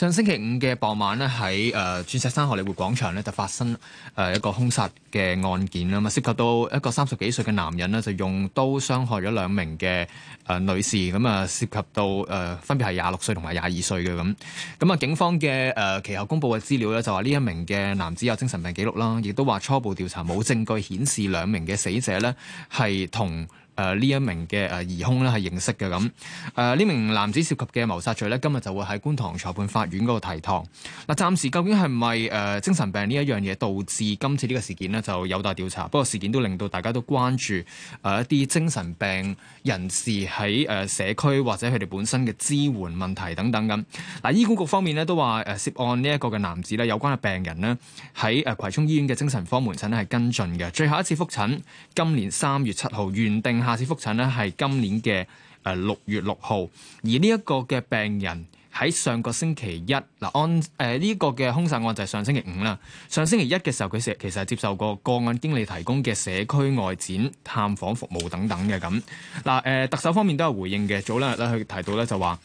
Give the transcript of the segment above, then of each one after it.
上星期五嘅傍晚咧，喺誒、呃、鑽石山荷里活廣場咧，就發生誒、呃、一個兇殺嘅案件啦。咁、啊、涉及到一個三十幾歲嘅男人咧，就用刀傷害咗兩名嘅誒女士。咁、呃、啊，涉及到誒、呃、分別係廿六歲同埋廿二歲嘅咁。咁啊，警方嘅誒、呃、其後公布嘅資料咧，就話呢一名嘅男子有精神病記錄啦，亦、啊、都話初步調查冇證據顯示兩名嘅死者咧係同誒呢一名嘅誒兒兇咧係認識嘅咁，誒呢名男子涉及嘅謀殺罪咧，今日就會喺觀塘裁判法院嗰個提堂。嗱，暫時究竟係咪誒精神病呢一樣嘢導致今次呢個事件呢，就有待調查。不過，事件都令到大家都關注誒一啲精神病人士喺誒、呃、社區或者佢哋本身嘅支援問題等等咁。嗱、呃，醫管局方面呢，都話誒涉案呢一個嘅男子呢，有關嘅病人呢，喺誒、呃、葵涌醫院嘅精神科門診咧係跟進嘅，最後一次復診今年三月七號原定。下次覆診咧係今年嘅誒六月六號，而呢一個嘅病人喺上個星期一嗱，安誒呢個嘅兇殺案就係上星期五啦，上星期一嘅時候佢其實係接受過個案經理提供嘅社區外展探訪服務等等嘅咁。嗱誒特首方面都有回應嘅，早兩日咧佢提到咧就話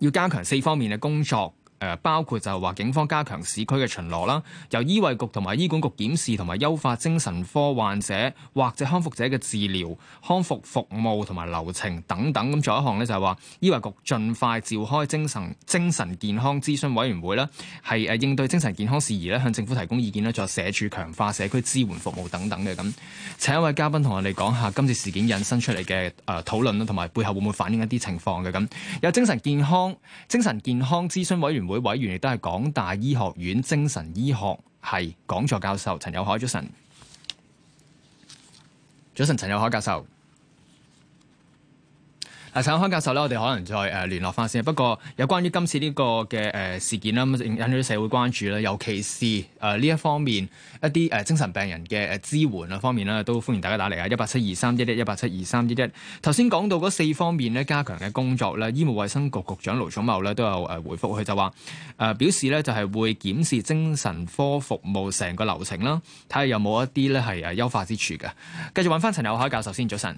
要加強四方面嘅工作。誒包括就係話警方加強市區嘅巡邏啦，由醫衛局同埋醫管局檢視同埋優化精神科患者或者康復者嘅治療康復服務同埋流程等等，咁仲有一項咧，就係話醫衛局盡快召開精神精神健康諮詢委員會啦，係誒、啊、應對精神健康事宜咧，向政府提供意見咧，作社署強化社區支援服務等等嘅咁。請一位嘉賓同我哋講下今次事件引申出嚟嘅誒討論啦，同、呃、埋背後會唔會反映一啲情況嘅咁？有精神健康精神健康諮詢委員。委員會委員亦都係港大醫學院精神醫學系講座教授陳友凱，早晨。早晨，陳友凱教授。陳友凱教授咧，我哋可能再誒聯絡翻先。不過，有關於今次呢個嘅誒事件啦，咁引起社會關注啦，尤其是誒呢一方面一啲誒精神病人嘅誒支援啊方面啦，都歡迎大家打嚟啊！一八七二三一一一八七二三一一。頭先講到嗰四方面咧，加強嘅工作咧，醫務衛生局局長盧寵茂咧都有誒回覆，佢就話、是、誒、呃、表示咧，就係會檢視精神科服務成個流程啦，睇下有冇一啲咧係誒優化之處嘅。繼續揾翻陳友凱教授先，早晨。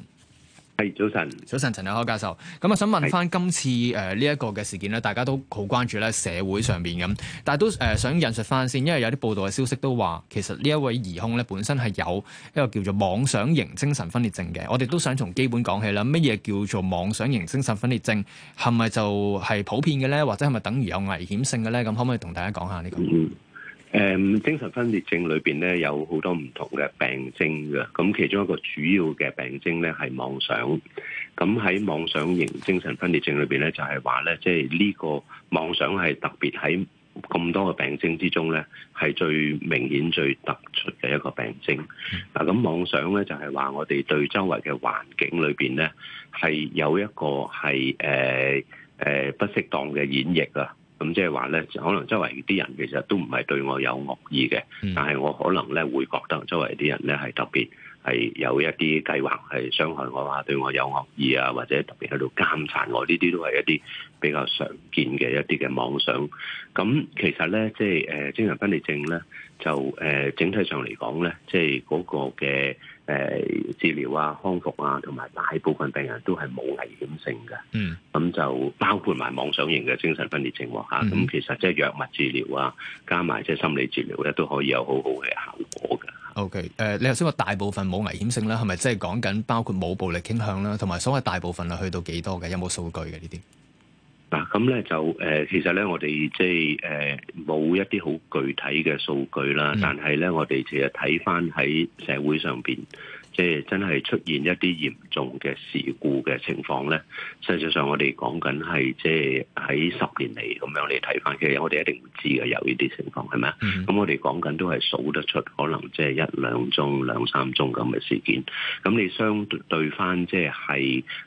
係、hey, 早晨，早晨，陳友凱教授，咁、嗯、啊，想問翻今次誒呢、呃、一個嘅事件咧，大家都好關注咧，社會上邊咁，但係都誒、呃、想引述翻先，因為有啲報道嘅消息都話，其實呢一位疑凶咧本身係有一個叫做妄想型精神分裂症嘅，我哋都想從基本講起啦，乜嘢叫做妄想型精神分裂症，係咪就係普遍嘅咧，或者係咪等於有危險性嘅咧？咁可唔可以同大家講下呢、這個？嗯誒、嗯、精神分裂症裏邊咧有好多唔同嘅病徵嘅，咁其中一個主要嘅病徵咧係妄想。咁喺妄想型精神分裂症裏邊咧，就係話咧，即係呢個妄想係特別喺咁多個病徵之中咧，係最明顯、最突出嘅一個病徵。嗱，咁妄想咧就係、是、話我哋對周圍嘅環境裏邊咧，係有一個係誒誒不適當嘅演繹啦。咁即係話咧，可能周圍啲人其實都唔係對我有惡意嘅，但係我可能咧會覺得周圍啲人咧係特別係有一啲計劃係傷害我啊，對我有惡意啊，或者特別喺度監察我，呢啲都係一啲比較常見嘅一啲嘅妄想。咁其實咧，即係誒精神分裂症咧，就誒、呃、整體上嚟講咧，即係嗰個嘅。誒、呃，治療啊、康復啊，同埋大部分病人都係冇危險性嘅。嗯、咁、嗯、就包括埋妄想型嘅精神分裂症喎。吓、嗯、咁、啊、其實即係藥物治療啊，加埋即係心理治療咧、啊，都可以有好好嘅效果㗎。O K，誒，你頭先話大部分冇危險性啦，係咪即係講緊包括冇暴力傾向啦，同埋所謂大部分啊去到幾多嘅？有冇數據嘅呢啲？嗱，咁咧就誒，其實咧我哋即係誒冇一啲好具體嘅數據啦，但係咧我哋其實睇翻喺社會上邊，即係真係出現一啲嚴重嘅事故嘅情況咧，實際上，我哋講緊係即係喺十年嚟咁樣。你睇翻，其實我哋一定唔知嘅有呢啲情況係咪啊？咁、mm hmm. 我哋講緊都係數得出，可能即係一兩宗、兩三宗咁嘅事件。咁你相對翻即係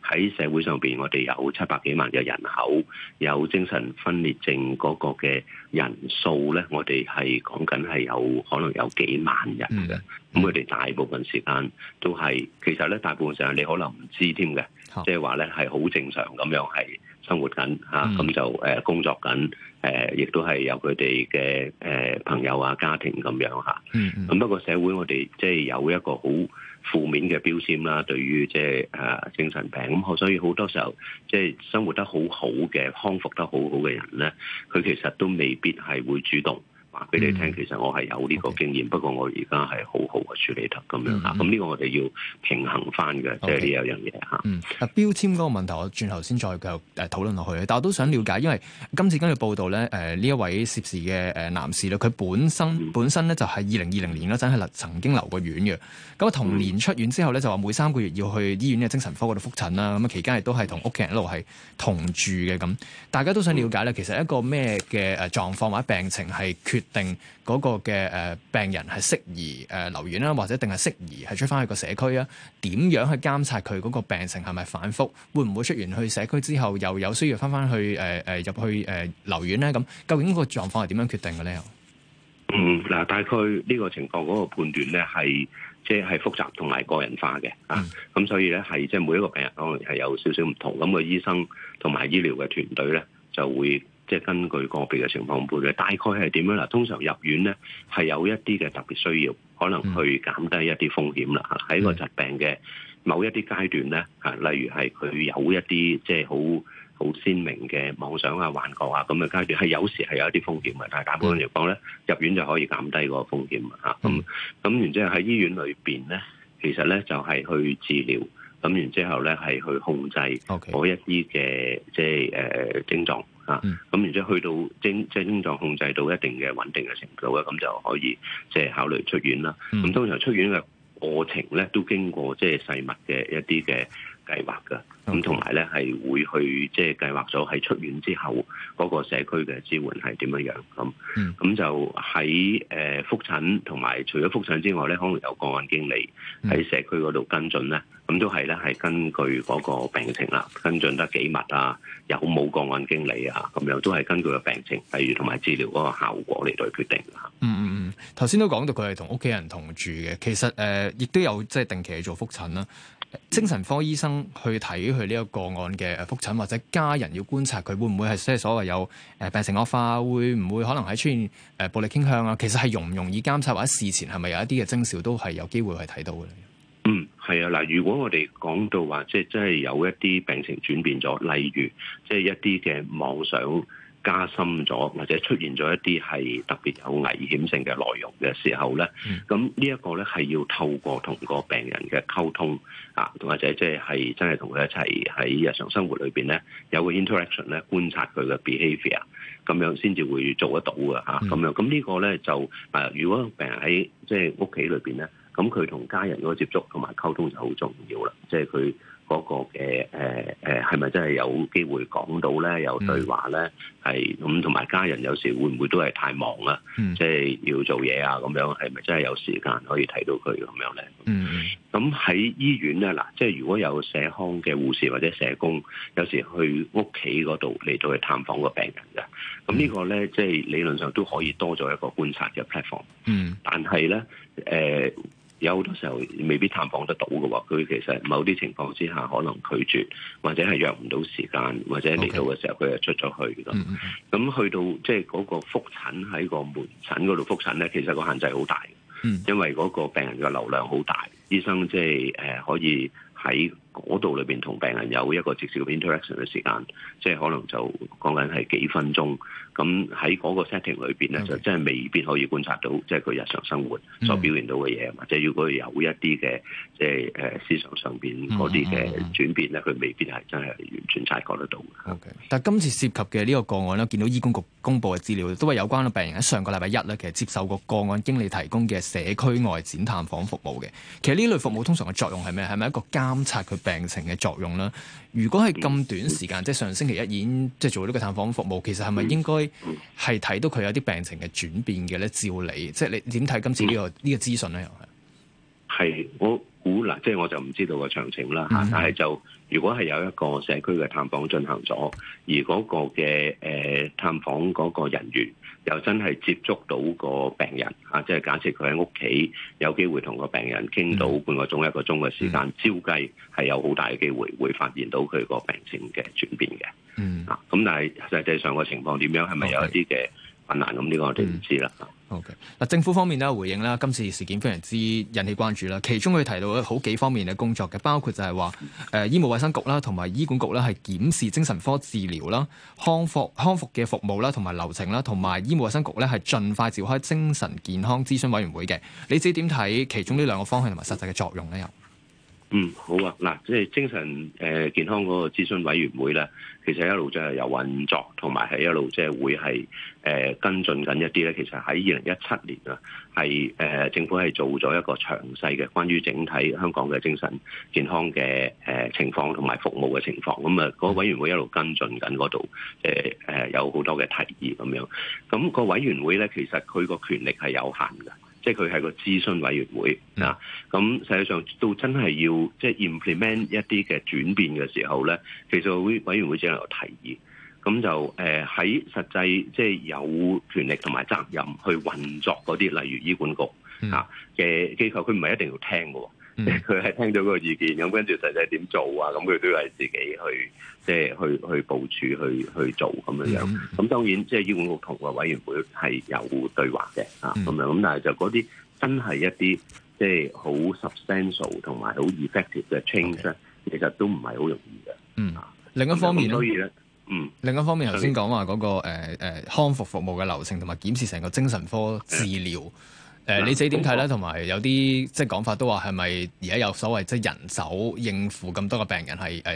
喺社會上邊，我哋有七百幾萬嘅人口，有精神分裂症嗰個嘅人數咧，我哋係講緊係有可能有幾萬人嘅。咁佢哋大部分時間都係，其實咧，大部分時間你可可能唔知添嘅，即係話咧係好正常咁樣係生活緊吓，咁就誒工作緊，誒亦都係有佢哋嘅誒朋友啊、家庭咁樣吓。咁、嗯嗯、不過社會我哋即係有一個好負面嘅標籤啦，對於即係誒精神病咁，所以好多時候即係生活得好好嘅、康復得好好嘅人咧，佢其實都未必係會主動。俾你聽，嗯、其實我係有呢個經驗，嗯、不過我而家係好好嘅處理得咁樣嚇。咁呢、嗯、個我哋要平衡翻嘅，即係呢樣嘢嚇、嗯。標籤嗰個問題，我轉頭先再繼續誒討論落去。但我都想了解，因為今次根據報道咧，誒、呃、呢一位涉事嘅誒男士咧，佢本身、嗯、本身咧就係二零二零年咧真係曾經留過院嘅。咁、嗯、同年出院之後咧，就話每三個月要去醫院嘅精神科嗰度覆診啦。咁期、嗯嗯、間亦都係同屋企人一路係同住嘅。咁大家都想了解咧，嗯、其實一個咩嘅誒狀況或者病情係缺？定嗰個嘅誒病人係適宜誒留院啦，或者定係適宜係出翻去個社區啊？點樣去監察佢嗰個病情係咪反覆？會唔會出完去社區之後又有需要翻翻去誒誒、呃、入去誒留院咧？咁、呃、究竟個狀況係點樣決定嘅咧？嗯，嗱，大概呢個情況嗰個判斷咧係即係複雜同埋個人化嘅、嗯、啊，咁所以咧係即係每一個病人可能係有少少唔同咁嘅、那個、醫生同埋醫療嘅團隊咧就會。即係根據個別嘅情況判嘅，大概係點樣嗱？通常入院咧係有一啲嘅特別需要，可能去減低一啲風險啦。喺、嗯、個疾病嘅某一啲階段咧，嚇、嗯，例如係佢有一啲即係好好鮮明嘅妄想啊、幻覺啊咁嘅階段，係有時係有一啲風險嘅，但係簡單嚟講咧，嗯、入院就可以減低個風險啊。咁咁、嗯嗯嗯、然之後喺醫院裏邊咧，其實咧就係去治療，咁然之後咧係去控制嗰一啲嘅即係誒症狀。嗯嗯啊，咁、嗯、然之後去到症即係症狀控制到一定嘅穩定嘅程度咧，咁、嗯、就可以即係考慮出院啦。咁、嗯、通常出院嘅過程咧，都經過即係細密嘅一啲嘅計劃㗎。咁同埋咧，係會去即係計劃咗，喺出院之後嗰、那個社區嘅支援係點樣樣咁？咁、嗯、就喺誒覆診，同埋除咗覆診之外咧，可能有個案經理喺社區嗰度跟進咧。咁、嗯、都係咧，係根據嗰個病情啦，跟進得幾密啊，有冇個案經理啊，咁樣都係根據個病情，例如同埋治療嗰個效果嚟到決定啦、嗯。嗯嗯嗯，頭先都講到佢係同屋企人同住嘅，其實誒亦、呃、都有即係定期去做覆診啦。精神科醫生去睇。佢呢個個案嘅覆診或者家人要觀察佢會唔會係即係所謂有誒病情惡化，會唔會可能喺出現誒暴力傾向啊？其實係容唔容易監察，或者事前係咪有一啲嘅徵兆都係有機會去睇到嘅？嗯，係啊，嗱，如果我哋講到話，即係真係有一啲病情轉變咗，例如即係一啲嘅妄想。加深咗，或者出現咗一啲係特別有危險性嘅內容嘅時候咧，咁呢一個咧係要透過同個病人嘅溝通啊，同或者即係真係同佢一齊喺日常生活裏邊咧，有個 interaction 咧，觀察佢嘅 behavior，咁樣先至會做得到嘅嚇。咁、啊嗯、樣咁呢個咧就啊，如果病人喺即係屋企裏邊咧，咁佢同家人嘅接觸同埋溝通就好重要啦，即係佢。嗰個嘅誒誒係咪真係有機會講到咧？有對話咧？係咁，同埋家人有時會唔會都係太忙啦？嗯、即係要做嘢啊，咁樣係咪真係有時間可以睇到佢咁樣咧？咁喺、嗯、醫院咧嗱，即係如果有社康嘅護士或者社工，有時去屋企嗰度嚟到去探訪個病人嘅，咁呢個咧即係理論上都可以多咗一個觀察嘅 platform。嗯，但係咧誒。呃有好多時候未必探訪得到㗎喎，佢其實某啲情況之下可能拒絕，或者係約唔到時間，或者嚟到嘅時候佢就出咗去咁。咁 Okay. 去到即係嗰個覆診喺個門診嗰度覆診咧，其實個限制好大，mm. 因為嗰個病人嘅流量好大，醫生即係誒可以喺，嗰度裏邊同病人有一個直接嘅 interaction 嘅時間，即係可能就講緊係幾分鐘。咁喺嗰個 setting 裏邊咧，Okay. 就真係未必可以觀察到，即係佢日常生活所表現到嘅嘢。Okay. 或者如果有一啲嘅，即係誒思想上邊嗰啲嘅轉變咧，佢、mm hmm. 未必係真係完全察覺得到嘅。Okay. 但係今次涉及嘅呢個個案呢，見到醫管局公布嘅資料都話有關病人喺上個禮拜一咧，其實接受過個案經理提供嘅社區外展探訪服務嘅。其實呢類服務通常嘅作用係咩？係咪一個監察佢？病情嘅作用啦，如果係咁短時間，嗯、即係上星期一已經即係做呢個探訪服務，其實係咪應該係睇到佢有啲病情嘅轉變嘅咧？照理，即係你點睇今次，這個嗯、個呢個呢個資訊咧？又係，係我。嗱，嗯、即係我就唔知道個詳情啦，嗯、但係就如果係有一個社區嘅探訪進行咗，而嗰個嘅誒、呃、探訪嗰個人員又真係接觸到個病人，啊，即係假設佢喺屋企有機會同個病人傾到半個鐘、嗯、一個鐘嘅時間，照計係有好大嘅機會會發現到佢個病情嘅轉變嘅、嗯嗯嗯。嗯，啊，咁但係實際上個情況點樣，係咪有一啲嘅？Okay. 困難咁，呢個我哋唔知啦。O K。嗱，政府方面咧回應啦，今次事件非常之引起關注啦。其中佢提到好幾方面嘅工作嘅，包括就係話誒，醫務衛生局啦，同埋醫管局咧係檢視精神科治療啦、康復康復嘅服務啦，同埋流程啦，同埋醫務衛生局咧係盡快召開精神健康諮詢委員會嘅。你自己點睇其中呢兩個方向同埋實際嘅作用咧？嗯，好啊，嗱，即係精神誒健康嗰個諮詢委員會咧，其實一路即係有運作，同埋係一路即係會係誒、呃、跟進緊一啲咧。其實喺二零一七年啊，係誒、呃、政府係做咗一個詳細嘅關於整體香港嘅精神健康嘅誒、呃、情況同埋服務嘅情況。咁啊，個委員會一路跟進緊嗰度，誒、呃、誒、呃、有好多嘅提議咁樣。咁個委員會咧，其實佢個權力係有限噶即係佢係個諮詢委員會、mm hmm. 啊，咁實際上到真係要即係 implement 一啲嘅轉變嘅時候咧，其實委委員會只能有提議，咁就誒喺實際即係有權力同埋責任去運作嗰啲，例如醫管局啊嘅機構，佢唔係一定要聽嘅。佢係、嗯、 聽到嗰個意見，咁跟住實際點做啊？咁佢都係自己去，即係去去部署去去做咁樣樣。咁、嗯、當然，即係醫管局同個委員會係有對話嘅啊。咁樣咁，但係就嗰啲真係一啲，即係好 substantial 同埋好 effective 嘅 change 咧，okay, 其實都唔係好容易嘅。嗯，另一方面咧，嗯，另一方面頭先講話嗰個誒康復服務嘅流程同埋檢視成個精神科治，治療。 誒、呃，你自己點睇咧？同埋有啲即係講法都話係咪而家有所謂即係人手應付咁多個病人係誒、呃、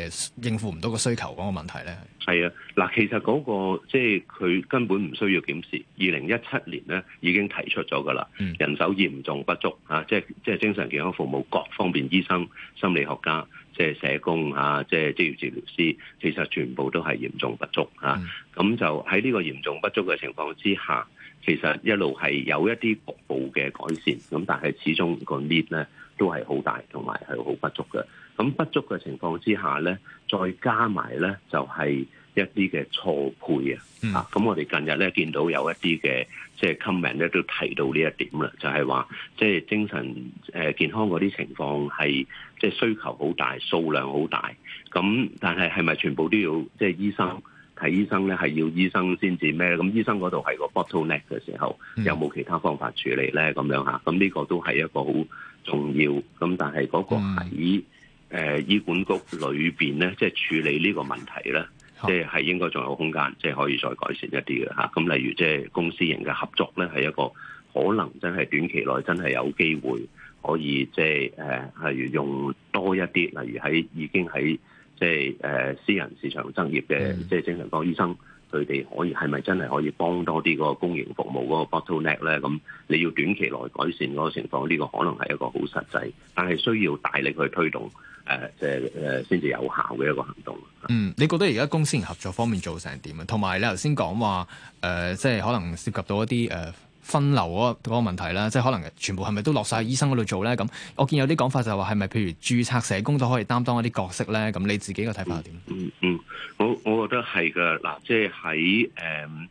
應付唔到個需求嗰個問題咧？係啊，嗱，其實嗰、嗰個即係佢根本唔需要檢視。二零一七年咧已經提出咗噶啦，人手嚴重不足、嗯、啊！即係即係精神健康服務各方面醫生、心理學家、即係社工啊、即係職業治療師，其實全部都係嚴重不足啊！咁、嗯、就喺呢個嚴重不足嘅情況之下。其實一路係有一啲局部嘅改善，咁但係始終個 need 咧都係好大，同埋係好不足嘅。咁不足嘅情況之下咧，再加埋咧就係、是、一啲嘅錯配、嗯、啊。啊，咁我哋近日咧見到有一啲嘅即係 comment 咧都提到呢一點啦，就係話即係精神誒健康嗰啲情況係即係需求好大，數量好大。咁但係係咪全部都要即係、就是、醫生？睇醫生咧，係要醫生先至咩咧？咁醫生嗰度係個 bottle neck 嘅時候，嗯、有冇其他方法處理咧？咁樣吓，咁呢個都係一個好重要。咁但係嗰個喺誒、嗯呃、醫管局裏邊咧，即、就、係、是、處理呢個問題咧，即係係應該仲有空間，即、就、係、是、可以再改善一啲嘅吓，咁、啊、例如即係、就是、公私營嘅合作咧，係一個可能真係短期內真係有機會可以即係誒，係、就是呃、用多一啲，例如喺已經喺。即係誒、呃、私人市場增業嘅，即係精神科醫生，佢哋可以係咪真係可以幫多啲個公營服務嗰個 bottleneck 呢？咁你要短期內改善嗰個情況，呢、這個可能係一個好實際，但係需要大力去推動誒即係誒先至有效嘅一個行動。嗯，你覺得而家公私營合作方面做成點啊？同埋你頭先講話誒，即係可能涉及到一啲誒。呃分流嗰嗰個問題咧，即係可能全部係咪都落曬醫生嗰度做咧？咁我見有啲講法就係話係咪譬如註冊社工都可以擔當一啲角色咧？咁你自己嘅睇法係點、嗯？嗯嗯，我我覺得係嘅嗱，即係喺誒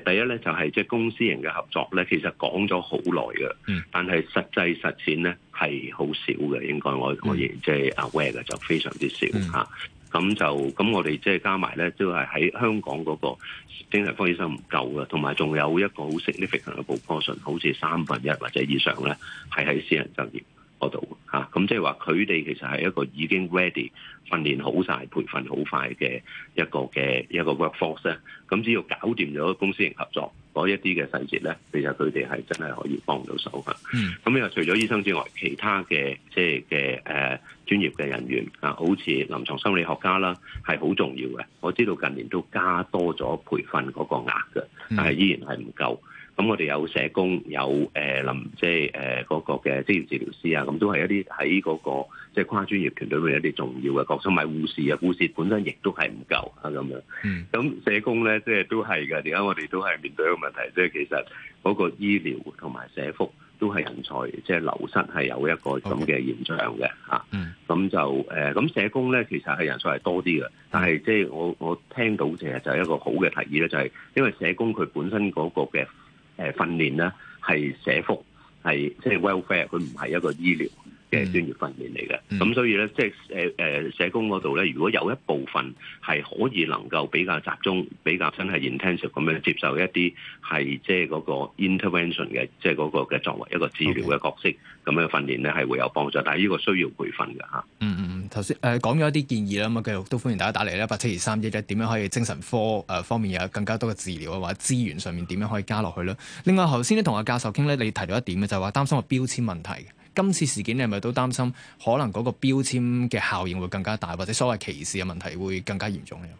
誒第一咧，就係即係公私營嘅合作咧，其實講咗好耐嘅，嗯、但係實際實踐咧係好少嘅，應該我、嗯、我認即係啊，where 嘅就非常之少嚇。嗯。咁就咁，我哋即係加埋咧，都係喺香港嗰個精神科醫生唔夠嘅，同埋仲有一個 significant 好 significant 嘅 portion，好似三分一或者以上咧，係喺私人業、啊、就業嗰度嚇。咁即係話佢哋其實係一個已經 ready、訓練好晒、培訓好快嘅一個嘅一個 workforce 咧、啊。咁只要搞掂咗公私營合作。嗰一啲嘅細節咧，其實佢哋係真係可以幫到手㗎。咁又除咗醫生之外，其他嘅即係嘅誒專業嘅人員啊，好似臨床心理學家啦，係好重要嘅。我知道近年都加多咗培訓嗰個額嘅，但係依然係唔夠。咁我哋有社工，有誒臨、呃、即係誒嗰個嘅職業治療師啊，咁都係一啲喺嗰個即係跨專業團隊裏面有一啲重要嘅角色，同埋護士啊，護士本身亦都係唔夠啊咁樣。咁社工咧，即係都係嘅。點解我哋都係面對一個問題？即係其實嗰個醫療同埋社福都係人才即係流失，係有一個咁嘅現象嘅嚇。咁 Okay.、啊、就誒，咁、呃、社工咧其實係人數係多啲嘅，但係即係我我聽到其實就係一個好嘅提議咧，就係、是、因為社工佢本身嗰個嘅。誒、呃、訓練咧係社福，係即係 welfare，佢唔係一個醫療嘅專業訓練嚟嘅。咁、mm hmm. 所以咧，即係誒誒社工嗰度咧，如果有一部分係可以能夠比較集中、比較真係 intensive 咁樣接受一啲係即係嗰個 intervention 嘅，即係嗰個嘅作為一個治療嘅角色咁 Okay. 樣訓練咧，係會有幫助。但係呢個需要培訓嘅嚇。嗯嗯、mm。Hmm. 頭先誒講咗一啲建議啦，咁、嗯、啊繼續都歡迎大家打嚟咧，八七二三一一，點樣可以精神科誒、呃、方面有更加多嘅治療啊，或者資源上面點樣可以加落去咧？另外頭先咧同阿教授傾咧，你提到一點嘅就係、是、話擔心個標籤問題，今次事件你係咪都擔心可能嗰個標籤嘅效應會更加大，或者所謂歧視嘅問題會更加嚴重咧？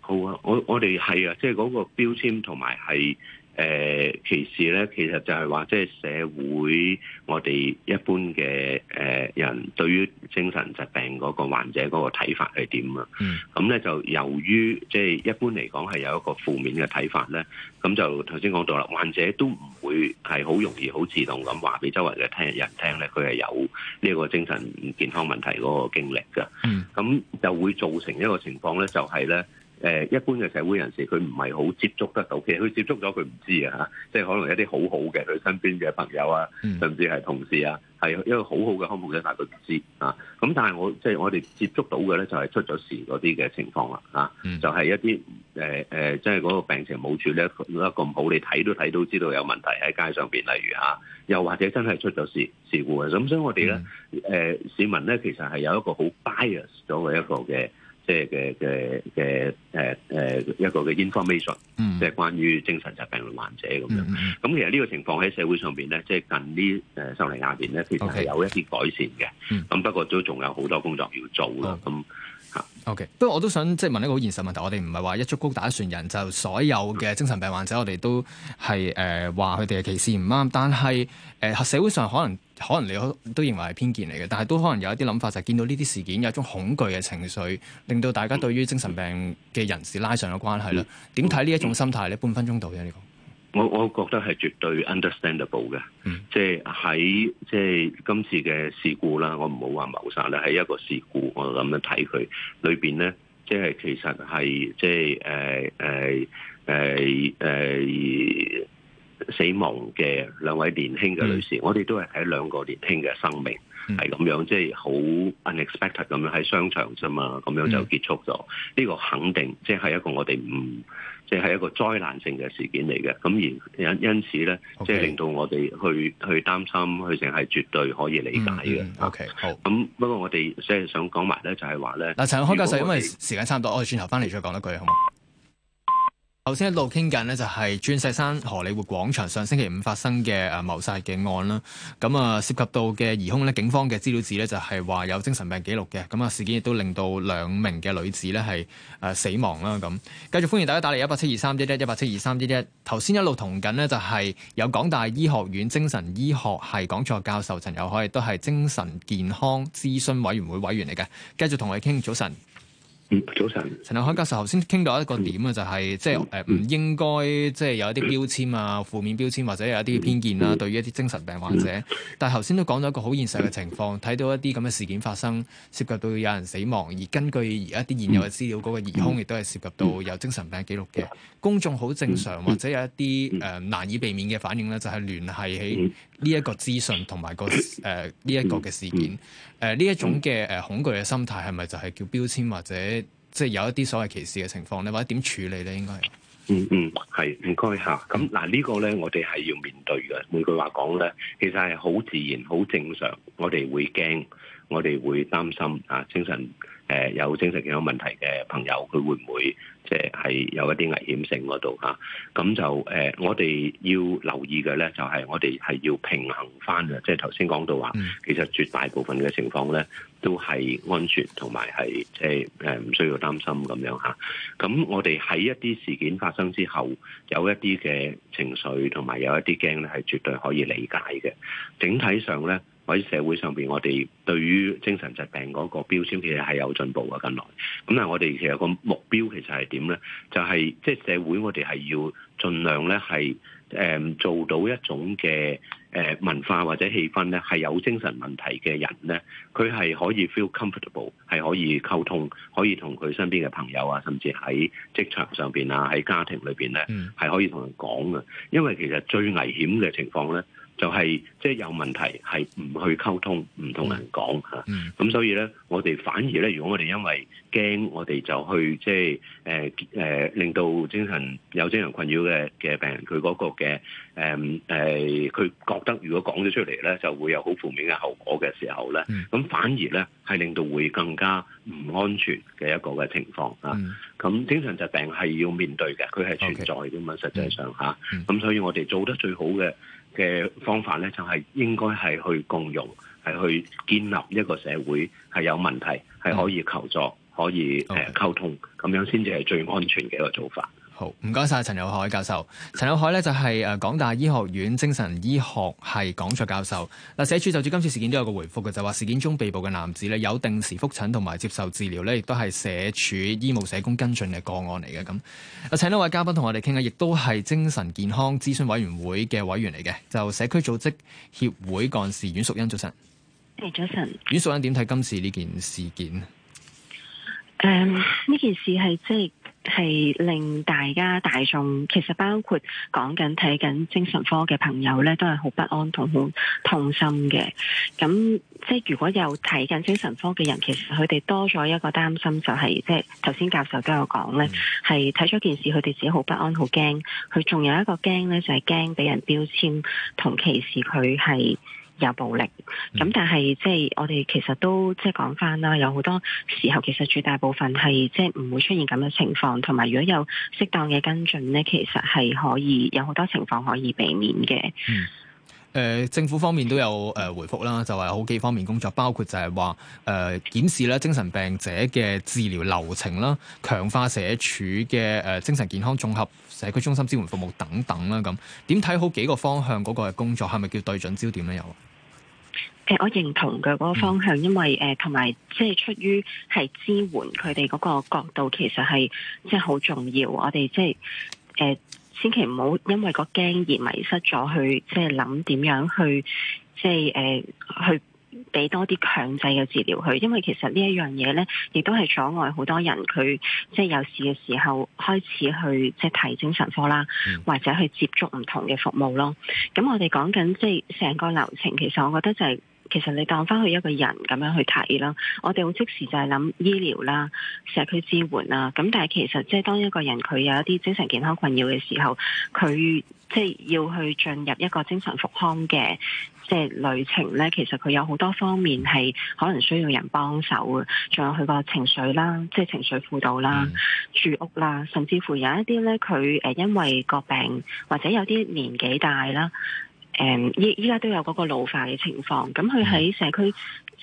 好啊，我我哋係啊，即係嗰個標籤同埋係。誒、呃，其次咧，其實就係話，即、就、係、是、社會，我哋一般嘅誒人對於精神疾病嗰個患者嗰個睇法係點啊？嗯，咁咧就由於即係一般嚟講係有一個負面嘅睇法咧，咁就頭先講到啦，患者都唔會係好容易好自動咁話俾周圍嘅聽人聽咧，佢係有呢個精神健康問題嗰個經歷㗎。嗯，咁就會造成一個情況咧，就係咧。誒一般嘅社會人士，佢唔係好接觸得到。其實佢接觸咗，佢唔知啊，即係可能一啲好好嘅佢身邊嘅朋友啊，mm. 甚至係同事啊，係一個好好嘅康復者，但佢都唔知啊。咁但係我即係我哋接觸到嘅咧，就係出咗事嗰啲嘅情況啦。啊，就係、是、一啲誒誒，即係嗰個病情冇處理，一個咁好，你睇都睇都知道有問題喺街上邊。例如啊，又或者真係出咗事事故嘅。咁、啊、所以我哋咧誒市民咧，其實係有一個好 bias 咗嘅一個嘅。.即係嘅嘅嘅誒誒一個嘅 information，嗯、即係關於精神疾病患者咁、嗯、樣。咁其實呢個情況喺社會上邊咧，即係近呢誒十年下邊十零廿年咧，其實係有一啲改善嘅。咁、嗯、不過都仲有好多工作要做咯。咁嚇好。O K，不過我都想即係問一個好現實問題，我哋唔係話一足高打一竹篙打一船人，就所有嘅精神病患者，我哋都係誒話佢哋嘅歧視唔啱，但係誒、呃、社會上可能。可能你都都認為係偏見嚟嘅，但係都可能有一啲諗法，就係見到呢啲事件有一種恐懼嘅情緒，令到大家對於精神病嘅人士拉上咗關係啦。點睇呢一種心態咧？半分鐘到嘅呢個，我我覺得係絕對 understandable 嘅。嗯，即係喺即係今次嘅事故啦，我唔好話謀殺啦，喺一個事故。我咁樣睇佢裏邊咧，即係、即係、其實係即係誒誒誒誒。就是呃呃呃呃呃死亡嘅兩位年輕嘅女士，嗯、我哋都係喺兩個年輕嘅生命係咁、嗯、樣，即係好 unexpected 咁樣喺商場啫嘛，咁樣就結束咗。呢、嗯、個肯定即係一個我哋唔，即係一個災難性嘅事件嚟嘅。咁而因，因此咧，Okay. 即係令到我哋去去擔心，佢哋係絕對可以理解嘅。嗯嗯、o、okay, K，好。咁不過我哋即係想講埋咧，就係話咧，嗱陳友凱教授，因為時間差唔多，我哋轉頭翻嚟再講一句好唔好？頭先一路傾緊呢，就係鑽石山荷里活廣場上星期五發生嘅誒謀殺嘅案啦。咁啊，涉及到嘅疑凶呢，警方嘅資料指呢，就係話有精神病記錄嘅。咁啊，事件亦都令到兩名嘅女子呢係誒死亡啦。咁繼續歡迎大家打嚟一八七二三一一一八七二三一一。頭先一路同緊呢，就係有港大醫學院精神醫學系講座教授陳友凱，亦都係精神健康諮詢委員會委員嚟嘅。繼續同我哋傾，早晨。嗯，早晨，陳友凱教授，頭先傾到一個點啊、嗯就是呃，就係即係誒，唔應該即係有一啲標籤啊，負、嗯、面標籤或者有一啲偏見啦，嗯、對於一啲精神病患者。嗯、但係頭先都講到一個好現實嘅情況，睇到一啲咁嘅事件發生，涉及到有人死亡，而根據而家啲現有嘅資料，嗰、嗯、個疑兇亦都係涉及到有精神病記錄嘅公眾，好正常或者有一啲誒、呃、難以避免嘅反應咧，就係聯繫起。嗯嗯呢一個資訊同埋個誒呢一個嘅事件，誒呢一種嘅誒、呃、恐懼嘅心態係咪就係叫標籤或者即係有一啲所謂歧視嘅情況咧？或者點處理咧？應該嗯嗯係唔該嚇咁。嗱呢個咧，我哋係要面對嘅每句話講咧，其實係好自然好正常，我哋會驚，我哋會擔心啊精神誒、呃、有精神健康問題嘅朋友佢會唔會？即係有一啲危險性嗰度嚇，咁就誒，我哋要留意嘅呢，就係我哋係要平衡翻嘅，即係頭先講到話，其實絕大部分嘅情況呢都係安全同埋係即係唔需要擔心咁樣嚇。咁我哋喺一啲事件發生之後，有一啲嘅情緒同埋有一啲驚呢，係絕對可以理解嘅。整體上呢，喺社會上邊，我哋對於精神疾病嗰個標籤其實係有進步嘅近來。咁但係我哋其實個目標其實係點咧？就係即係社會我，我哋係要盡量咧係誒做到一種嘅誒文化或者氣氛咧，係有精神問題嘅人咧，佢係可以 feel comfortable，係可以溝通，可以同佢身邊嘅朋友啊，甚至喺職場上邊啊，喺家庭裏邊咧，係可以同人講嘅。因為其實最危險嘅情況咧。就係即係有問題，係唔去溝通，唔同人講嚇。咁、mm hmm. 啊、所以咧，我哋反而咧，如果我哋因為驚，我哋就去即係誒誒，令到精神有精神困擾嘅嘅病人，佢嗰個嘅誒誒，佢、嗯呃、覺得如果講咗出嚟咧，就會有好負面嘅後果嘅時候咧，咁、mm hmm. 啊、反而咧係令到會更加唔安全嘅一個嘅情況啊。咁精神疾病係要面對嘅，佢係存在嘅嘛。實際上嚇，咁、hmm. 啊、所以我哋做得最好嘅。嘅方法咧，就係、是、應該係去共融，係去建立一個社會，係有問題，係可以求助，可以誒溝通，咁 Okay. 樣先至係最安全嘅一個做法。好，唔該晒陳友凱教授。陳友凱咧就係誒港大醫學院精神醫學系講座教授。嗱，社署就住今次事件都有個回復嘅，就話、是、事件中被捕嘅男子咧有定時復診同埋接受治療咧，亦都係社署醫務社工跟進嘅個案嚟嘅。咁，啊，請呢位嘉賓同我哋傾下，亦都係精神健康諮詢委員會嘅委員嚟嘅，就社區組織協會幹事阮淑茵，早晨。誒，早晨。阮淑茵點睇今次呢件事件？誒，呢、um, 件事係即係。係令大家大眾，其實包括講緊睇緊精神科嘅朋友咧，都係好不安同好痛心嘅。咁即係如果有睇緊精神科嘅人，其實佢哋多咗一個擔心、就是，就係即係頭先教授都有講咧，係睇咗件事，佢哋自己好不安、好驚。佢仲有一個驚咧，就係驚俾人標籤同歧視佢係有暴力，咁但係、嗯、即係我哋其實都即係講翻啦，有好多時候其實絕大部分係即係唔會出現咁嘅情況，同埋如果有適當嘅跟進咧，其實係可以有好多情況可以避免嘅。嗯誒、呃、政府方面都有誒、呃、回覆啦，就係好幾方面工作，包括就係話誒檢視咧精神病者嘅治療流程啦，強化社署嘅誒、呃、精神健康綜合社區中心支援服務等等啦，咁點睇好幾個方向嗰個工作係咪叫對準焦點咧？有誒、啊呃，我認同嘅嗰個方向，因為誒同埋即係出於係支援佢哋嗰個角度，其實係即係好重要，我哋即係誒。呃千祈唔好因為個驚而迷失咗去，即係諗點樣去，即係誒、呃，去俾多啲強制嘅治療佢。因為其實呢一樣嘢咧，亦都係阻礙好多人佢即係有事嘅時候開始去即係睇精神科啦，或者去接觸唔同嘅服務咯。咁、嗯、我哋講緊即係成個流程，其實我覺得就係、是。其實你當翻去一個人咁樣去睇啦，我哋好即時就係諗醫療啦、社區支援啦。咁但係其實即係當一個人佢有一啲精神健康困擾嘅時候，佢即係要去進入一個精神復康嘅即係旅程呢，其實佢有好多方面係可能需要人幫手嘅，仲有佢個情緒啦，即係情緒輔導啦、住屋啦，甚至乎有一啲呢，佢誒因為個病或者有啲年紀大啦。誒依依家都有嗰個老化嘅情況，咁佢喺社區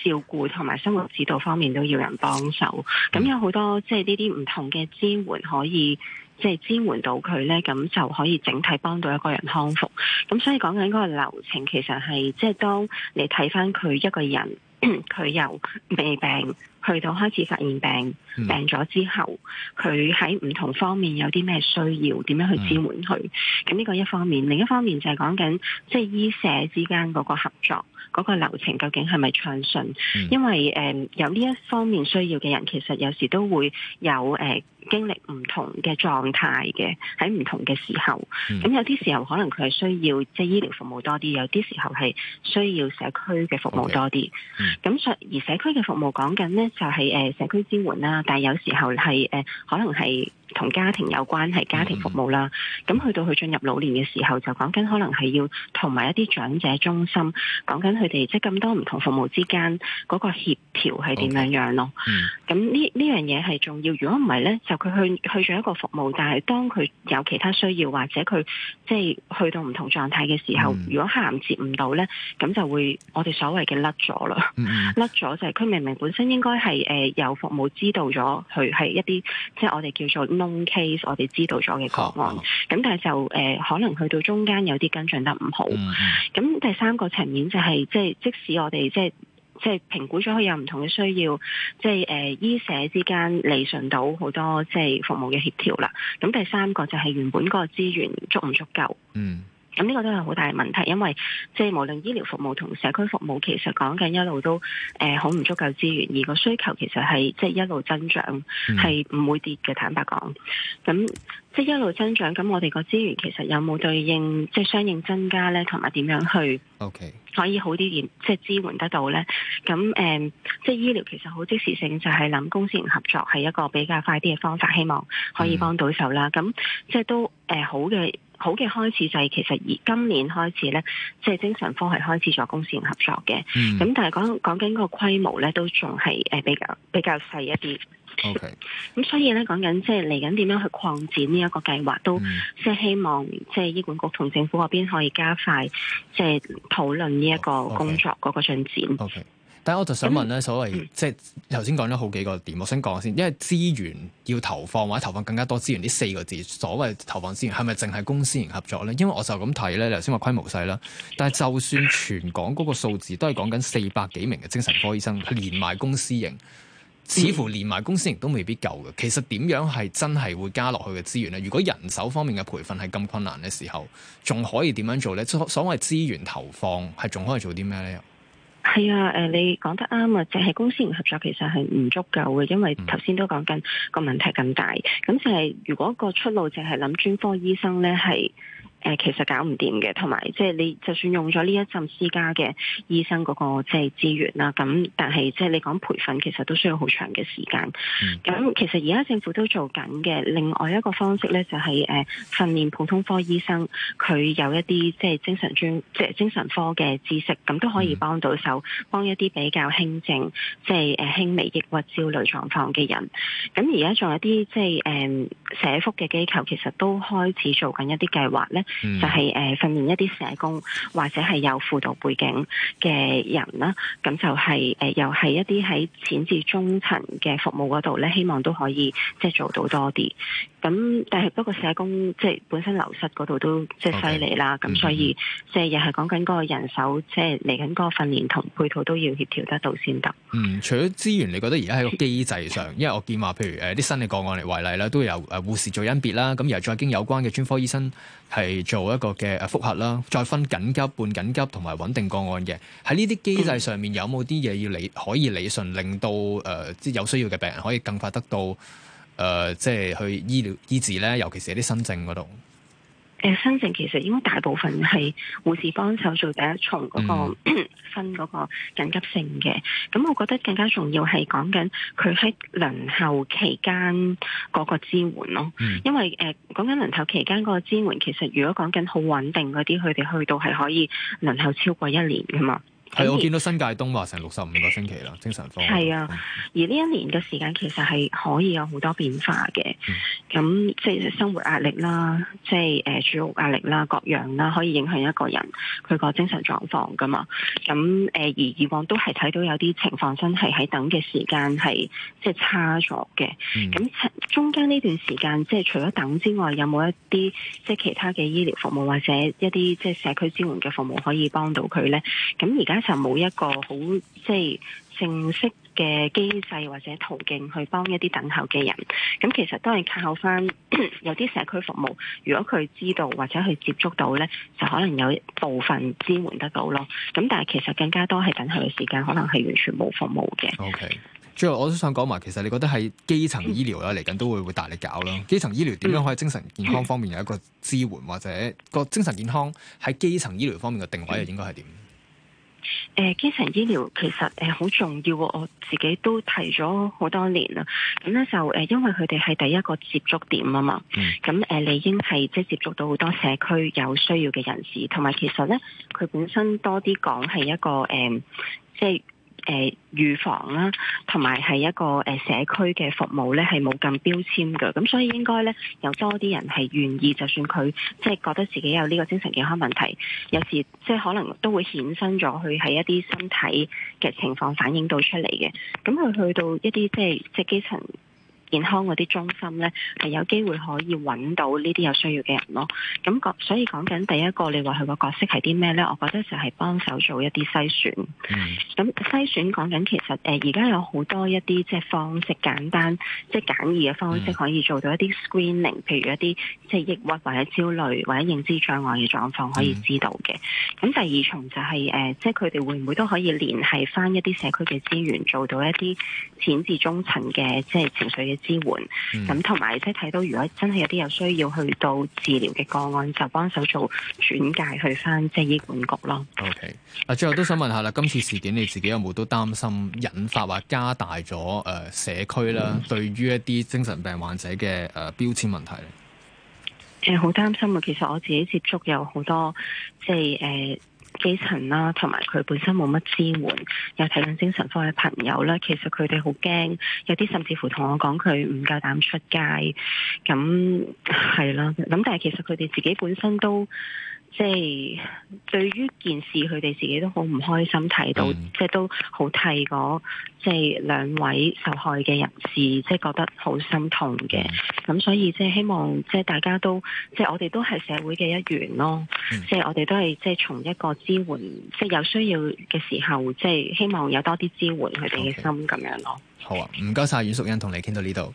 照顧同埋生活指導方面都要人幫手，咁有好多即係呢啲唔同嘅支援可以即係支援到佢呢，咁就可以整體幫到一個人康復。咁所以講緊嗰個流程，其實係即係當你睇返佢一個人。佢 由未病去到開始發現病病咗之後，佢喺唔同方面有啲咩需要，點樣去支援佢？咁呢 個一方面，另一方面就係講緊即係醫社之間嗰個合作嗰、嗰個流程，究竟係咪暢順？ 因為誒、呃、有呢一方面需要嘅人，其實有時都會有誒。呃經歷唔同嘅狀態嘅，喺唔同嘅時候，咁有啲時候可能佢係需要即係、就是、醫療服務多啲，有啲時候係需要社區嘅服務多啲。咁所 Okay. 而社區嘅服務講緊呢，就係、是、誒社區支援啦，但係有時候係誒可能係同家庭有關，係家庭服務啦。咁 Okay. 去到佢進入老年嘅時候，就講緊可能係要同埋一啲長者中心講緊佢哋即係咁多唔同服務之間嗰、那個協調係點樣樣咯。咁呢呢樣嘢係重要，如果唔係呢。佢去去咗一個服務，但係當佢有其他需要或者佢即係去到唔同狀態嘅時候，嗯、如果銜接唔到呢，咁就會我哋所謂嘅甩咗啦，甩咗、嗯、就係、是、佢明明本身應該係誒有服務知道咗，佢係一啲即係我哋叫做 known case，我哋知道咗嘅個案，咁、哦哦、但係就誒、呃、可能去到中間有啲跟進得唔好，咁、嗯嗯、第三個層面就係、是、即係即使我哋即係。即係評估咗佢有唔同嘅需要，即係誒醫社之間理順到好多即係服務嘅協調啦。咁第三個就係原本個資源足唔足夠？嗯。咁呢個都係好大嘅問題，因為即係無論醫療服務同社區服務，其實講緊一路都誒好唔足夠資源，而個需求其實係即係一路增長，係唔、嗯、會跌嘅。坦白講，咁、嗯、即係一路增長，咁我哋個資源其實有冇對應，即係相應增加呢？同埋點樣去可以好啲即係支援得到呢？咁、嗯、誒，即係醫療其實好即時性，就係諗公私營合作係一個比較快啲嘅方法，希望可以幫到手啦。咁、嗯、即係都誒、呃、好嘅。好好嘅開始就係、是、其實而今年開始咧，即係精神科係開始做公私合作嘅。咁、嗯、但係講講緊個規模咧，都仲係誒比較比較細一啲。咁 Okay. 所以咧，講緊即係嚟緊點樣去擴展呢一個計劃，都即係希望即係、嗯、醫管局同政府嗰邊可以加快即係、就是、討論呢一個工作嗰個進展。Okay. Okay. 但我就想問咧，所謂即係頭先講咗好幾個點，我想講先，因為資源要投放或者投放更加多資源，呢四個字所謂投放資源係咪淨係公私營合作咧？因為我就咁睇咧，你頭先話規模細啦。但係就算全港嗰個數字都係講緊四百幾名嘅精神科醫生，連埋公私營，似乎連埋公私營都未必夠嘅。其實點樣係真係會加落去嘅資源咧？如果人手方面嘅培訓係咁困難嘅時候，仲可以點樣做咧？所謂資源投放係仲可以做啲咩咧？係啊，誒、呃，你講得啱啊，淨係、是、公司唔合作其實係唔足夠嘅，因為頭先都講緊個問題更大。咁就係如果個出路淨係諗專科醫生呢，係。誒，其實搞唔掂嘅，同埋即係你就算用咗呢一陣私家嘅醫生嗰個即係資源啦，咁但係即係你講培訓，其實都需要好長嘅時間。咁其實而家政府都做緊嘅另外一個方式咧，就係誒訓練普通科醫生，佢有一啲即係精神專即係精神科嘅知識，咁都可以幫到手，幫一啲比較輕症即係誒輕微抑鬱焦慮狀況嘅人。咁而家仲有啲即係誒社福嘅機構，其實都開始做緊一啲計劃咧。嗯、就係誒訓練一啲社工或者係有輔導背景嘅人啦，咁就係、是、誒、呃、又係一啲喺淺至中層嘅服務嗰度咧，希望都可以即係、就是、做到多啲。咁但係不過社工即係、就是、本身流失嗰度都即係犀利啦，咁、就是、Okay, 所以、嗯、即係又係講緊嗰個人手，即係嚟緊嗰個訓練同配套都要協調得到先得。嗯，除咗資源，你覺得而家喺個機制上， 因為我見話譬如誒啲、呃、新嘅個案嚟為例啦，都由誒護士做甄別啦，咁然後再經有關嘅專科醫生。係做一個嘅複核啦，再分緊急、半緊急同埋穩定個案嘅。喺呢啲機制上面有冇啲嘢要理可以理順，令到誒即、呃、有需要嘅病人可以更快得到誒即係去醫療醫治咧，尤其是啲新症嗰度？誒、呃，新成其實應該大部分係護士幫手做第一重嗰，那個、嗯、 分嗰個緊急性嘅。咁我覺得更加重要係講緊佢喺輪候期間嗰個支援咯。嗯、因為誒講緊輪候期間嗰個支援，其實如果講緊好穩定嗰啲，佢哋去到係可以輪候超過一年㗎嘛。係，我見到新界東話成六十五個星期啦，精神科。係啊， 而呢一年嘅時間其實係可以有好多變化嘅，咁、嗯、即係生活壓力啦，即係誒住屋壓力啦，各樣啦，可以影響一個人佢個精神狀況噶嘛。咁誒而以往都係睇到有啲情況真係喺等嘅時間係即係差咗嘅。咁、嗯、中間呢段時間即係除咗等之外，有冇一啲即係其他嘅醫療服務或者一啲即係社區支援嘅服務可以幫到佢咧？咁而家。就冇一個好即係正式嘅機制或者途徑去幫一啲等候嘅人。咁其實都係靠翻 有啲社區服務。如果佢知道或者去接觸到呢，就可能有部分支援得到咯。咁但係其實更加多係等候嘅時間，可能係完全冇服務嘅。Okay。最後我都想講埋，其實你覺得喺基層醫療咧，嚟緊都會會大力搞咯。基層醫療點樣可以精神健康方面有一個支援 或者個精神健康喺基層醫療方面嘅定位又應該係點？ 誒，基層醫療其實誒好重要，我自己都提咗好多年啦。咁咧就誒，因為佢哋係第一個接觸點啊嘛。咁誒，理應係即係接觸到好多社區有需要嘅人士，同埋其實咧，佢本身多啲講係一個誒，即係。誒、呃、預防啦、啊，同埋係一個誒、呃、社區嘅服務咧，係冇咁標籤嘅，咁所以應該咧有多啲人係願意，就算佢即係覺得自己有呢個精神健康問題，有時即係可能都會衍生咗，佢喺一啲身體嘅情況反映到出嚟嘅，咁佢去到一啲即係即係基層健康嗰啲中心咧，係有機會可以搵到呢啲有需要嘅人咯。咁、那、講、個，所以講緊第一個你話佢個角色係啲咩咧？我覺得就係幫手做一啲篩選。咁篩、mm hmm. 選講緊其實誒而家有好多一啲即係方式簡單即係簡易嘅方式，方式可以做到一啲 screening，、mm hmm. 譬如一啲即係抑鬱或者焦慮或者認知障礙嘅狀況可以知道嘅。咁、mm hmm. 第二重就係、是、誒、呃、即係佢哋會唔會都可以聯繫翻一啲社區嘅資源，做到一啲淺至中層嘅即係情緒嘅支援，咁同埋即係睇到，如果真係有啲有需要去到治療嘅個案，就幫手做轉介去翻即係醫管局咯。O K，嗱，最後都想問下啦，今次事件你自己有冇都擔心引發或加大咗誒、呃、社區啦，嗯、對於一啲精神病患者嘅誒、呃、標籤問題咧？誒、呃，好擔心啊！其實我自己接觸有好多，即係誒。呃基層啦，同埋佢本身冇乜支援，又睇緊精神科嘅朋友啦。其實佢哋好驚，有啲甚至乎同我講佢唔夠膽出街，咁係啦。咁但係其實佢哋自己本身都。即係對於件事，佢哋自己都好唔開心，睇到即係都好替嗰即係兩位受害嘅人士，即係覺得好心痛嘅。咁所以即係希望即係大家都即係我哋都係社會嘅一員咯。即係我哋都係即係從一個支援，即係有需要嘅時候，即係希望有多啲支援佢哋嘅心咁樣咯。好啊，唔該晒，阮淑茵同你傾到呢度。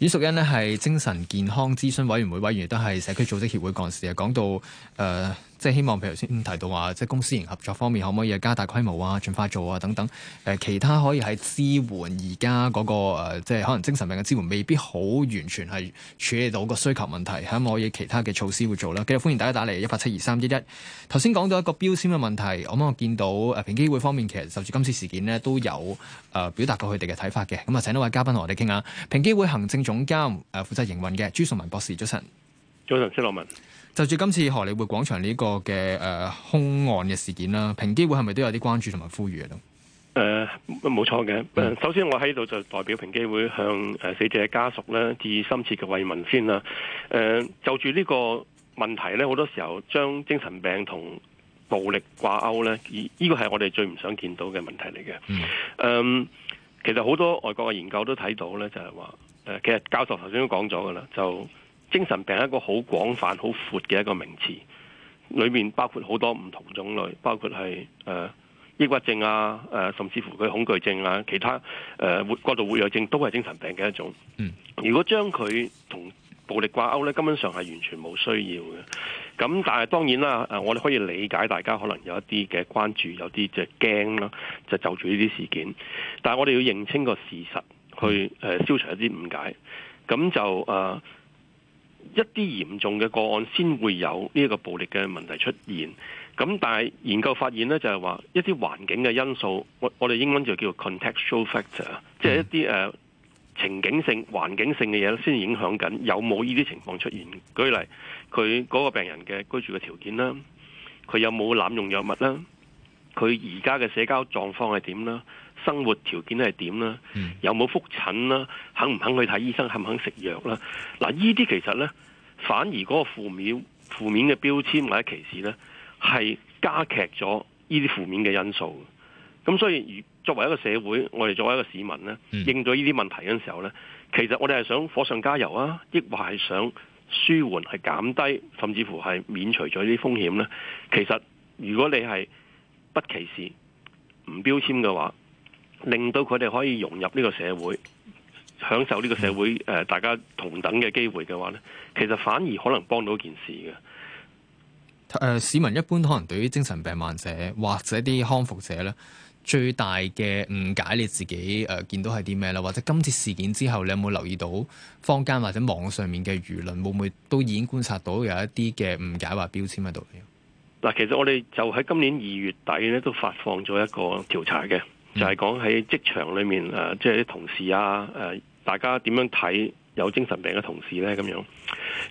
阮淑茵呢係精神健康諮詢委員會委員，亦都係社區組織協會幹事啊。講到誒。呃即係希望，譬如頭先提到話，即係公司營合作方面，可唔可以加大規模啊、進化做啊等等？誒，其他可以係支援而家嗰個、呃、即係可能精神病嘅支援，未必好完全係處理到個需求問題，係咪可以其他嘅措施會做啦？今日歡迎大家打嚟一八七二三一一。頭先講到一個標籤嘅問題，我啱啱見到誒平機會方面其實就住今次事件呢，都有誒表達過佢哋嘅睇法嘅。咁啊，請一位嘉賓同我哋傾下。平機會行政總監誒負責營運嘅朱崇文博士，早晨。早晨，薛樂文。就住今次荷里活廣場呢個嘅誒、呃、凶案嘅事件啦，平機會係咪都有啲關注同埋呼籲啊？都誒冇錯嘅。首先我喺度就代表平機會向誒死者嘅家屬咧致以深切嘅慰問先啦。誒、呃、就住呢個問題咧，好多時候將精神病同暴力掛鈎咧，呢、這個係我哋最唔想見到嘅問題嚟嘅。嗯、呃，其實好多外國嘅研究都睇到咧，就係話誒，其實教授頭先都講咗噶啦，就。精神病係一個好廣泛、好闊嘅一個名詞，裏面包括好多唔同種類，包括係誒、呃、抑鬱症啊，誒、呃、甚至乎佢恐懼症啊，其他誒、呃、過度活躍症都係精神病嘅一種。嗯，如果將佢同暴力掛鈎呢，根本上係完全冇需要嘅。咁但係當然啦，誒我哋可以理解大家可能有一啲嘅關注，有啲即係驚啦，就就住呢啲事件。但係我哋要認清個事實，去消除一啲誤解。咁就誒。呃一啲嚴重嘅個案先會有呢一個暴力嘅問題出現，咁但係研究發現呢，就係話一啲環境嘅因素，我我哋英文就叫做 contextual factor，即係一啲誒、呃、情景性、環境性嘅嘢先影響緊有冇呢啲情況出現。舉例，佢嗰個病人嘅居住嘅條件啦，佢有冇濫用藥物啦，佢而家嘅社交狀況係點啦？生活條件咧係點呢？有冇覆診呢？肯唔肯去睇醫生？肯唔肯食藥呢？嗱，呢啲其實呢，反而嗰個負面負面嘅標籤或者歧視呢，係加劇咗呢啲負面嘅因素。咁所以，作為一個社會，我哋作為一個市民呢，應咗呢啲問題嗰陣時候呢，其實我哋係想火上加油啊，抑或係想舒緩、係減低，甚至乎係免除咗呢啲風險呢？其實，如果你係不歧視、唔標籤嘅話，令到佢哋可以融入呢個社會，享受呢個社會誒、呃，大家同等嘅機會嘅話咧，其實反而可能幫到一件事嘅。誒、呃，市民一般可能對於精神病患者或者啲康復者咧，最大嘅誤解你自己誒、呃，見到係啲咩啦，或者今次事件之後，你有冇留意到坊間或者網上面嘅輿論，會唔會都已經觀察到有一啲嘅誤解或標籤喺度？嗱，其實我哋就喺今年二月底咧，都發放咗一個調查嘅。Mm hmm. 就係講喺職場裏面誒、呃，即係啲同事啊，誒、呃，大家點樣睇有精神病嘅同事呢？咁樣，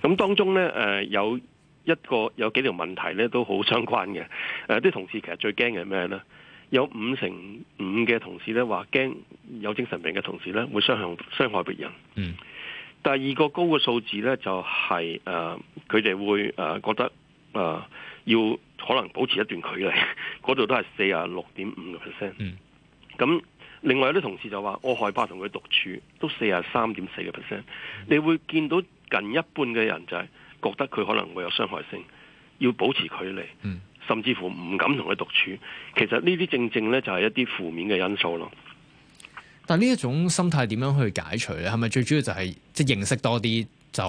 咁當中呢，誒、呃，有一個有幾條問題呢，都好相關嘅。誒、呃，啲同事其實最驚嘅係咩呢？有五成五嘅同事呢話驚有精神病嘅同事呢會傷害傷害別人。嗯、mm。Hmm. 第二個高嘅數字呢，就係、是、誒，佢、呃、哋會誒、呃、覺得誒、呃、要可能保持一段距離，嗰 度都係四啊六點五個 percent。Mm 咁，另外有啲同事就話：我害怕同佢獨處，都四啊三點四個 percent。你會見到近一半嘅人就係覺得佢可能會有傷害性，要保持距離，甚至乎唔敢同佢獨處。其實呢啲正正呢就係一啲負面嘅因素咯。但呢一種心態點樣去解除呢？係咪最主要就係即係認識多啲就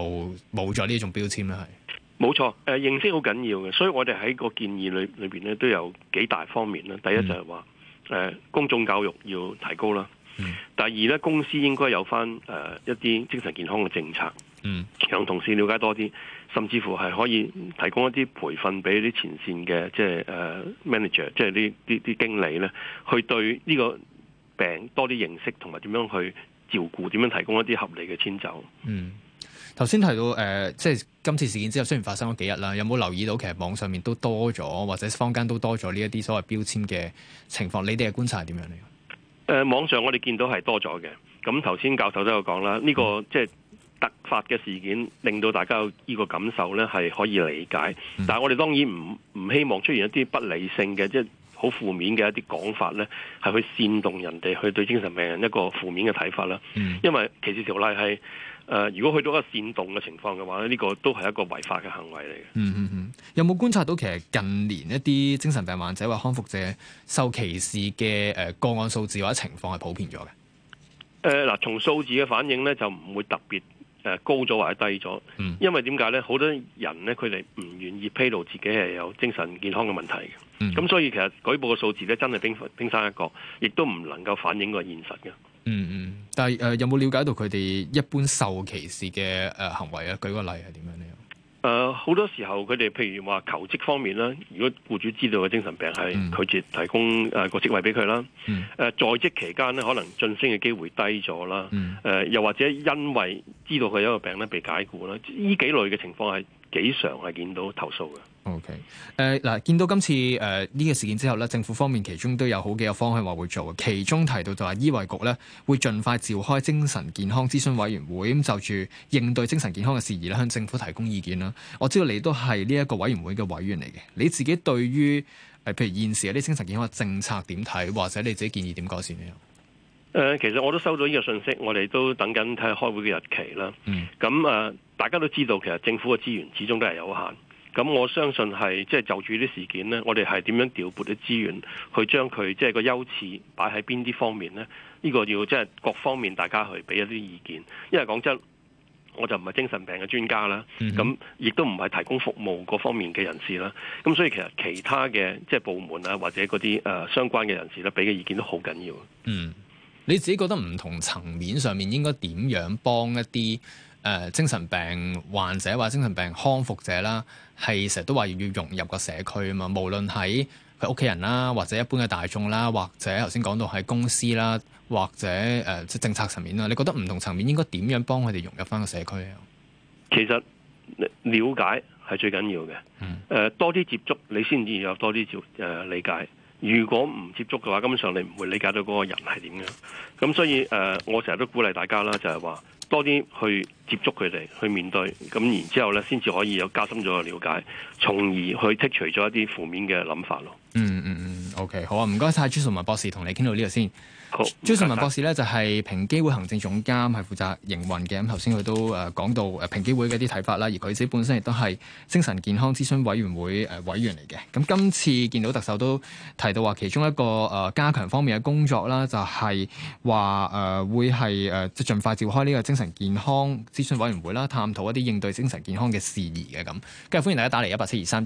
冇咗呢種標籤呢？係冇錯，誒、呃，認識好緊要嘅。所以我哋喺個建議裏裏邊咧都有幾大方面啦。第一就係話。嗯誒公眾教育要提高啦。第二咧，公司應該有返誒、呃、一啲精神健康嘅政策，向、嗯、同事了解多啲，甚至乎係可以提供一啲培訓俾啲前線嘅即係誒、呃、manager，即係啲啲啲經理咧，去對呢個病多啲認識，同埋點樣去照顧，點樣提供一啲合理嘅遷就。嗯頭先提到誒、呃，即係今次事件之後雖然發生咗幾日啦，有冇留意到其實網上面都多咗，或者坊間都多咗呢一啲所謂標籤嘅情況，你哋嘅觀察係點樣嚟？誒、呃，網上我哋見到係多咗嘅。咁頭先教授都有講啦，呢、這個、嗯、即係突發嘅事件，令到大家呢個感受咧係可以理解。嗯、但係我哋當然唔唔希望出現一啲不理性嘅，即係好負面嘅一啲講法咧，係去煽動人哋去對精神病人一個負面嘅睇法啦。嗯、因為歧視條例係。誒，如果去到一個煽動嘅情況嘅話咧，呢個都係一個違法嘅行為嚟嘅、嗯。嗯嗯嗯，有冇觀察到其實近年一啲精神病患者或康復者受歧視嘅，誒個案數字或者情況係普遍咗嘅？誒、呃，嗱，從數字嘅反應，呢，就唔會特別誒高咗或者低咗。嗯、因為點解呢？好多人呢，佢哋唔願意披露自己係有精神健康嘅問題嘅。咁、嗯、所以其實舉報嘅數字咧，真係冰冰山一角，亦都唔能夠反映個現實嘅。嗯嗯，但係誒有冇了解到佢哋一般受歧視嘅誒行為啊？舉個例係點樣呢？誒、呃，好多時候佢哋譬如話求職方面啦，如果僱主知道個精神病係拒絕提供誒個職位俾佢啦，誒、嗯呃、在職期間咧可能晉升嘅機會低咗啦，誒、嗯呃、又或者因為知道佢有一個病咧被解僱啦，呢幾類嘅情況係幾常係見到投訴嘅。O.K. 誒，嗱，見到今次誒呢、uh, 個事件之後咧，政府方面其中都有好幾個方向話會做，其中提到就係醫衛局咧會盡快召開精神健康諮詢委員會，咁就住應對精神健康嘅事宜咧向政府提供意見啦。我知道你都係呢一個委員會嘅委員嚟嘅，你自己對於誒譬如現時啲精神健康嘅政策點睇，或者你自己建議點改善呢樣？誒、呃，其實我都收到呢個信息，我哋都等緊睇下開會嘅日期啦。咁誒、嗯呃，大家都知道其實政府嘅資源始終都係有限。咁我相信係即係就住、是、啲事件呢，我哋係點樣調撥啲資源去將佢即係個優次擺喺邊啲方面呢？呢、這個要即係各方面大家去俾一啲意見。因為講真，我就唔係精神病嘅專家啦，咁亦都唔係提供服務嗰方面嘅人士啦。咁所以其實其他嘅即係部門呀，或者嗰啲誒相關嘅人士咧，俾嘅意見都好緊要。嗯，你自己覺得唔同層面上面應該點樣幫一啲？誒、呃、精神病患者或者精神病康復者啦，係成日都話要融入個社區啊嘛。無論係佢屋企人啦，或者一般嘅大眾啦，或者頭先講到喺公司啦，或者誒即係政策層面啦，你覺得唔同層面應該點樣幫佢哋融入翻個社區？其實了解係最緊要嘅。誒、嗯呃、多啲接觸，你先至有多啲接誒理解。如果唔接觸嘅話，根本上你唔會理解到嗰個人係點樣嘅。咁所以誒、呃，我成日都鼓勵大家啦，就係、是、話。多啲去接觸佢哋，去面對咁，然之後咧，先至可以有加深咗嘅了解，從而去剔除咗一啲負面嘅諗法咯、嗯。嗯嗯嗯，OK，好啊，唔該晒。朱崇文博士同你傾到呢度先。朱崇文博士咧就係平機會行政總監，係負責營運嘅。咁頭先佢都誒講到誒平機會嘅一啲睇法啦，而佢自己本身亦都係精神健康諮詢委員會誒委員嚟嘅。咁、呃、今次見到特首都提到話，其中一個誒加強方面嘅工作啦，就係話誒會係誒、呃、盡快召開呢個精神健康諮詢委員會啦，探討一啲應對精神健康嘅事宜嘅咁。跟住歡迎大家打嚟一八四二三